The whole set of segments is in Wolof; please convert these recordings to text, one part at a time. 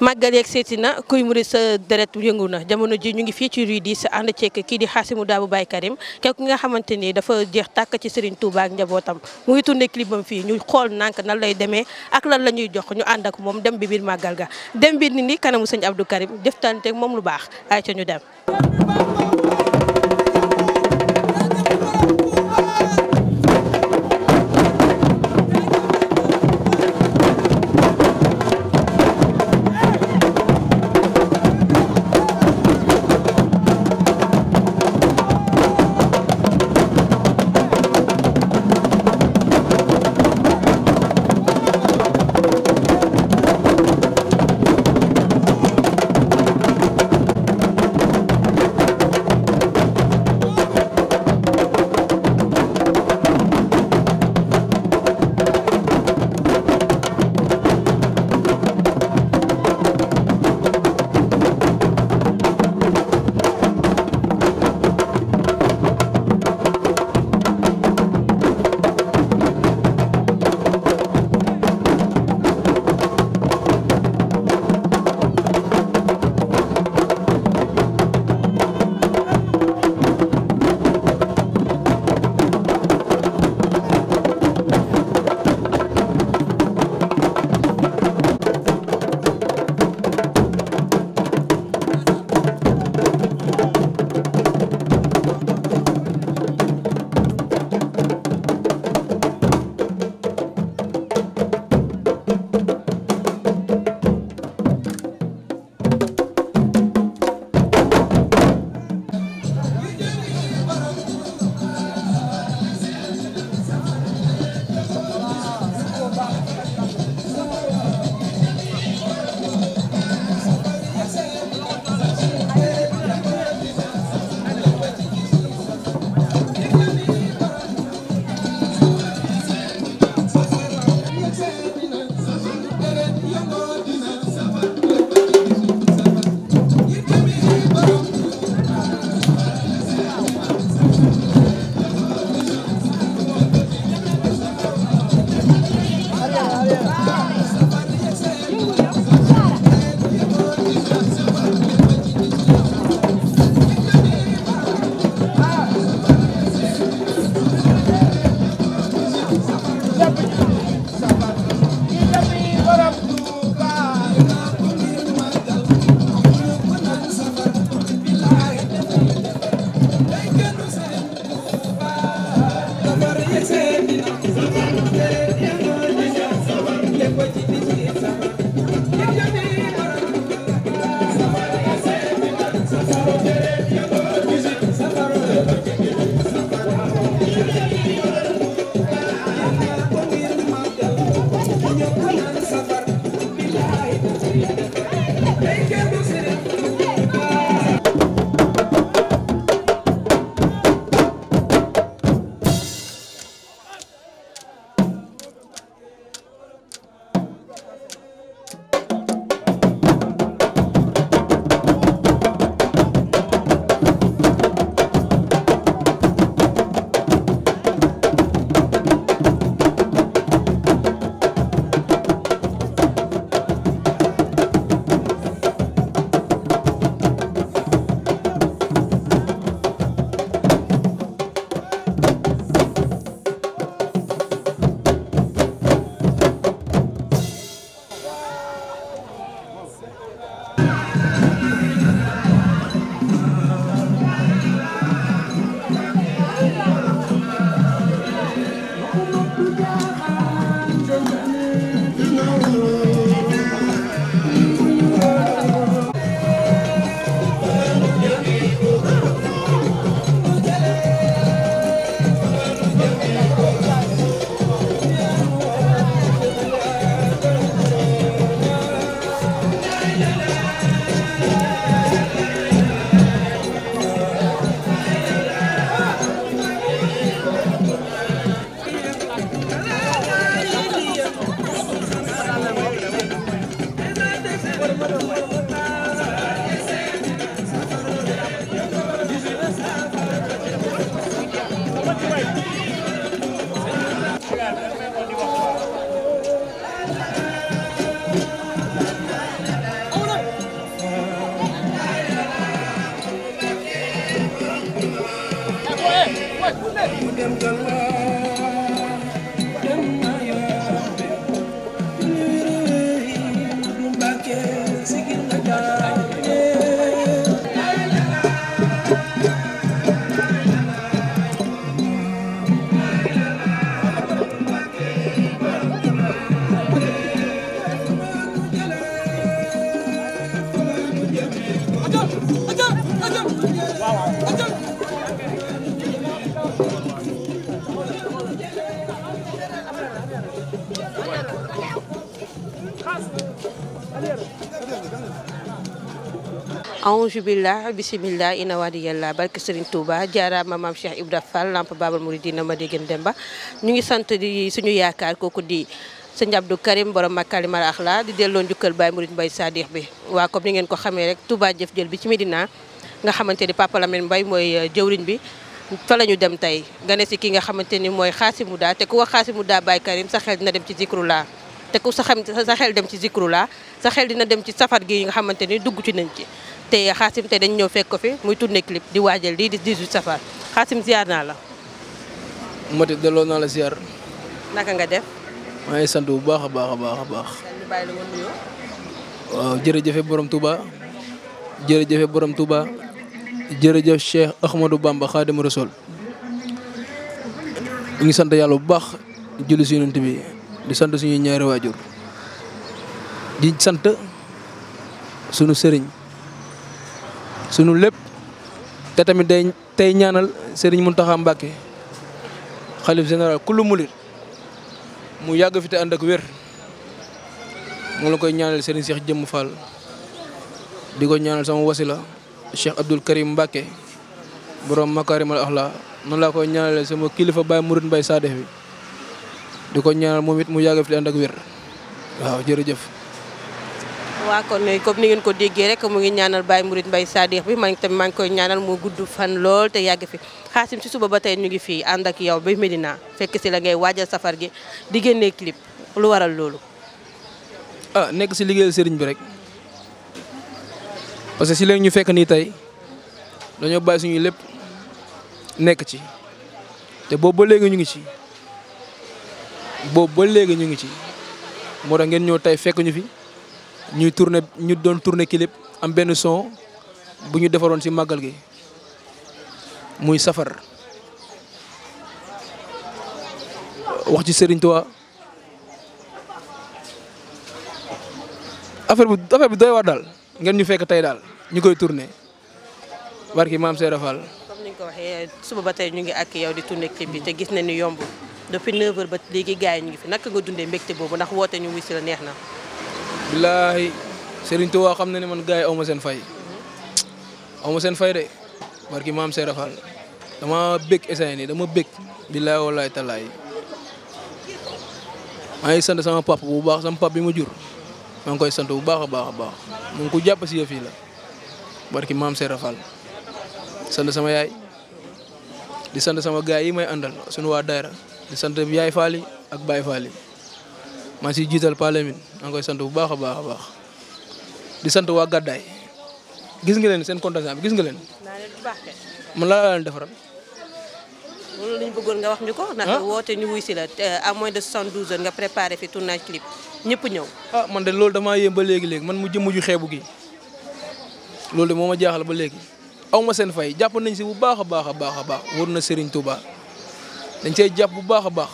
màggal yeeg seeti na kuy murit sa deret yëngu na jamono ji ñu ngi fii ci rue 10 ànd ceek kii di mu Xaasimu Daabu Baye Karim ki nga xamante ni dafa jeex tàkk ci Serigne Touba ak njabootam mu ngi tourné clipam fii ñu xool nank nan lay demee ak lan la ñuy jox ñu ànd ak moom dem bi biir màggal ga dem biir ni ni kanamu sëñ Abdou Karim jëftanteeg moom lu baax ay ca ñu dem ange billah bisimillah ina waadi yàlla barke Serigne Touba jaaraama maam Cheikh Ibra Fall lamp Babal Mouridina ma déggan Demba ñu ngi sant di suñu yaakaar kooku di sëñ Abdou Karim borom Makarimal Akhlaq di delloo njukkal Baye Mourid Mbaye Sadikh bi waa comme ni ngeen ko xamee rek Touba jëf jël bi ci Medina nga xamante ni Papa Lamine Mbaye mooy euh, jëwriñ bi fa la ñu dem tey nga ne si kii nga xamante ni mooy xaasimu daa te ku wax xaasimu daa Baye Karim sa xel dina dem ci zikrullah te ku sa xam sa xel dem ci zikrullah sa xel dina dem ci safar gi nga xamante ni dugg ci nañ ci te xaasim tey dañu ñëw fekk ko fi muy tourné clip di waajal lii di 18 safar xaasim ziar naa la. Mati delloo naa la ziar. naka nga def. maa sant bu baax a baax a baax a baax. waaw jërëjëf borom Touba jërëjëf borom tuba jërëjëf Cheikh Ahmadou Bamba Xaadimu Rasuul ñu ngi sant yàlla bu baax julli si yonent bi di sant suñu ñaari waajur di sant sunu sëriñ. sunu lépp te tamit day tey ñaanal Serigne Mountakha Mbacké xalif général kullu murit mu yàgg fi te ànd ak wér mu la koy ñaanal Serigne Cheikh Jëmm Fall di ko ñaanal sama wasila Cheikh Abdoul Karim Mbacké borom makarimal axla noonu laa koy ñaanale sama kilifa Baye Mouride Mbaye Sadef bi di ko ñaanal moom it mu yàgg fi te ànd ak wér waaw jërëjëf. waa kon comme ni ngeen ko déggee rek mu ngi ñaanal Baye Mouride Mbaye Sadikh bi man tamit maa ngi koy ñaanal mu gudd fan lool te yàgg fi xaasim si suba ba tey ñu ngi fii ànd ak yow ba Medina fekk si la waajal safar gi di génnee clip lu waral loolu. Ah, nekk si liggéeyal sëriñ bi rek parce que si léegi ñu fekk nii tey dañoo bàyyi ñuy lépp nekk ci te boobu ba léegi ñu ngi ci boobu ba léegi ñu ngi ci moo tax ngeen ñëw tey fekk ñu fi. ñuy tourner ñu doon tourner clip am benn son bu ñu defaroon ci màggal gi muy safar wax ci Serigne Touba affaire bu affaire bi doy waar daal ngeen ñu fekk tey daal ñu koy tourner barki maam Seydou Fall. comme ni nga ko waxee suba ba tey ñu ngi ak yow di tourner clip bi te gis nañu ni yomb depuis 9h ba léegi gars yi ñu ngi fi naka nga dundee mbégte boobu ndax woote ñu wuy si la neex na. billaahi Serigne Touba xam na ne man gars yi aw ma seen fay aw seen fay de barki maam Seydou Fall dama bëgg essayé dama bëgg billaahi wallaahi tallaay maa ngi sant sama papa bu baax sama papa bi ma jur maa ngi koy sant bu baax a baax a baax mu ngi ko jàpp si yëf yi la barki maam Seydou Fall sant sama yaay di sant sama gars yi may àndal suñu waa Daara di sant yaay Fall ak Baye Fall maa ngi siy jiital Palamine maa ngi koy sant bu baax a baax a baax di sant waa Gàddaay gis nga leen seen contestant bi gis nga leen. naa leen bu baax de. man laa leen defaral. loolu la ñu bëggoon nga wax ñu ko. naka ah? woote ñu wuy si la à moins de 72 heures nga préparé fi tournage clip ñëpp ñëw. ah man de loolu damaa yéem ba léegi léegi man mu jëmm ju xeebu gi loolu de moo ma jaaxal ba léegi aw ma seen fay jàpp nañ si bu baax a baax a baax a baax wóor na Serigne Touba dañ see jàpp bu baax a baax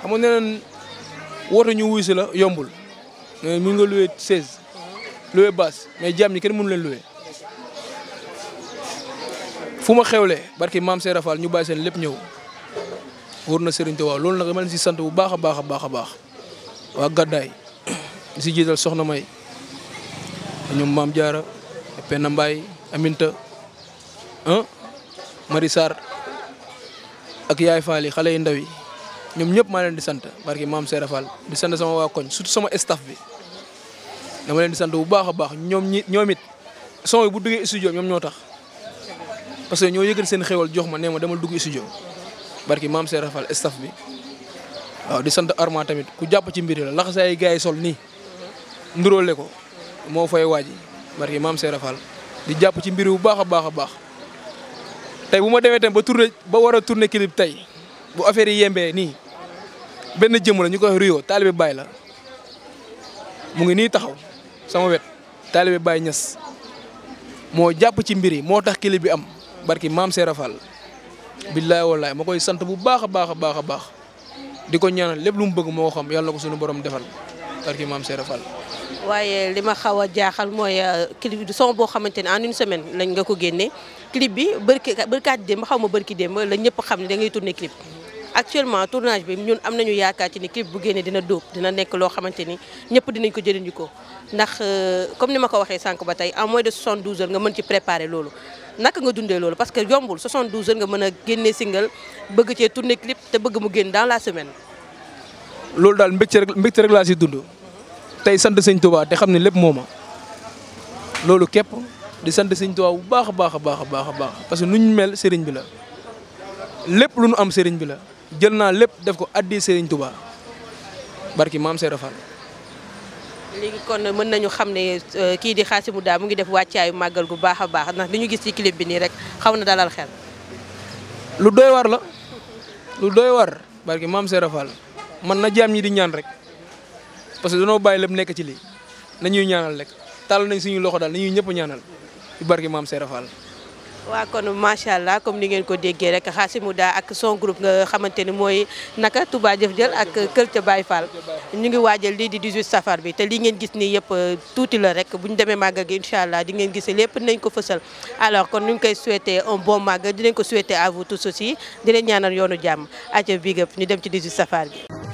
xam nga nee woote ñu wuy si la yombul mais mun nga loué 16 loué basse mais jaam ñi kenn mënu leen loué fu ma xewlee barki maam Seera Fall ñu bàyyi lépp ñëw wóor na Serigne Touba loolu nag dama leen si sant bu baax a baax a baax a baax waa Gaddaay di si jiital soxna May ñoom maam Diarra Penda Mbaye Aminta ah Marie Sarr ak Yaay Fall yi xale yu ndaw yi. ñoom ñëpp maa leen di sant barki maam Seera Fall di sant sama waa koñ surtout sama staff bi dama leen di sant bu baax a baax ñoom ñi ñoom it son bu duggee studio ñoom ñoo tax parce que ñoo yëgal seen xéwal jox ma nee ma demal dugg studio barki maam Seera Fall staff bi waaw di sant Arma tamit ku jàpp ci mbir la laxasaay gars yi sol nii nduróole ko moo fay waaji barki maam Seera Fall di jàpp ci mbir bu baax a baax a baax tey bu ma demee tamit ba tourné ba war a tourné clip tey. bu affaire yi yembee nii benn jëmm la ñu koy Rio taalibe Baye la mu ngi nii taxaw sama wet taalibe Baye Niass moo jàpp ci mbir yi moo tax clip bi am barki maam Seera Fall billaay wallaay ma koy sant bu baax a baax a baax baax di ko ñaanal lépp lu bëgg moo xam yàlla ko suñu borom defal barki maam Seera waaye li ma xaw a jaaxal mooy euh, clip du boo xamante ne en une semaine lañ nga ko génnee clip bi barki barkaat démb xaw ma barki démb la ñëpp xam ne da ngay tourné actuellement tournage bi ñun am nañu yaakaar ci ni clip bu génnee dina dóob dina nekk loo xamante ni ñëpp dinañ ko jëriñikoo ndax euh, comme ni ma ko waxee sànq ba tey en moins de 72 heures nga mën ci préparer loolu naka nga dundee loolu parce que yombul 72 heures nga mën a génnee single bëgg cee tourner clip te bëgg mu génn dans la semaine loolu daal mbégte rek mbégte laa si dund tey sant sëñ Tuubaa te xam ne lépp mooma loolu képp di sant sëñ bu baax a baax a baax a baax a baax que nu ñu mel sëriñ bi la lépp lu nu am sëriñ bi la jël naa lépp def ko addi Serigne Touba barki maam Serigne Fall. léegi kon mën nañu xam ne euh, kii di Khassimou daal mu ngi def wàccaayu màggal gu baax a baax ndax li ñu gis ci clip bi nii rek xaw na dalal xel. lu doy war la lu doy war barki maam Serigne Fall man na jaam ñi di ñaan rek parce que danoo bàyyi lépp nekk ci lii nañuy ñaanal rek tàll nañ suñu loxo daal nañuy ñëpp ñaanal barki maam Serigne Fall. waa kon macha allah comme ni ngeen ko déggee rek Khassimouda ak son groupe nga xamante ni mooy naka Touba Jëf Jël ak Kër baay Fall ñu ngi waajal lii di 18 safar bi te li ngeen gis nii yëpp euh, tuuti la rek bu ñu demee màgg gi allah di ngeen gis lépp dinañ ko fësal. alors kon ñu ngi koy souhaiter un bon màggal dinañ ko souhaiter à vous tous aussi di ñaanal yoonu jàmm àca bi gëpp ñu dem ci 18 safar bi.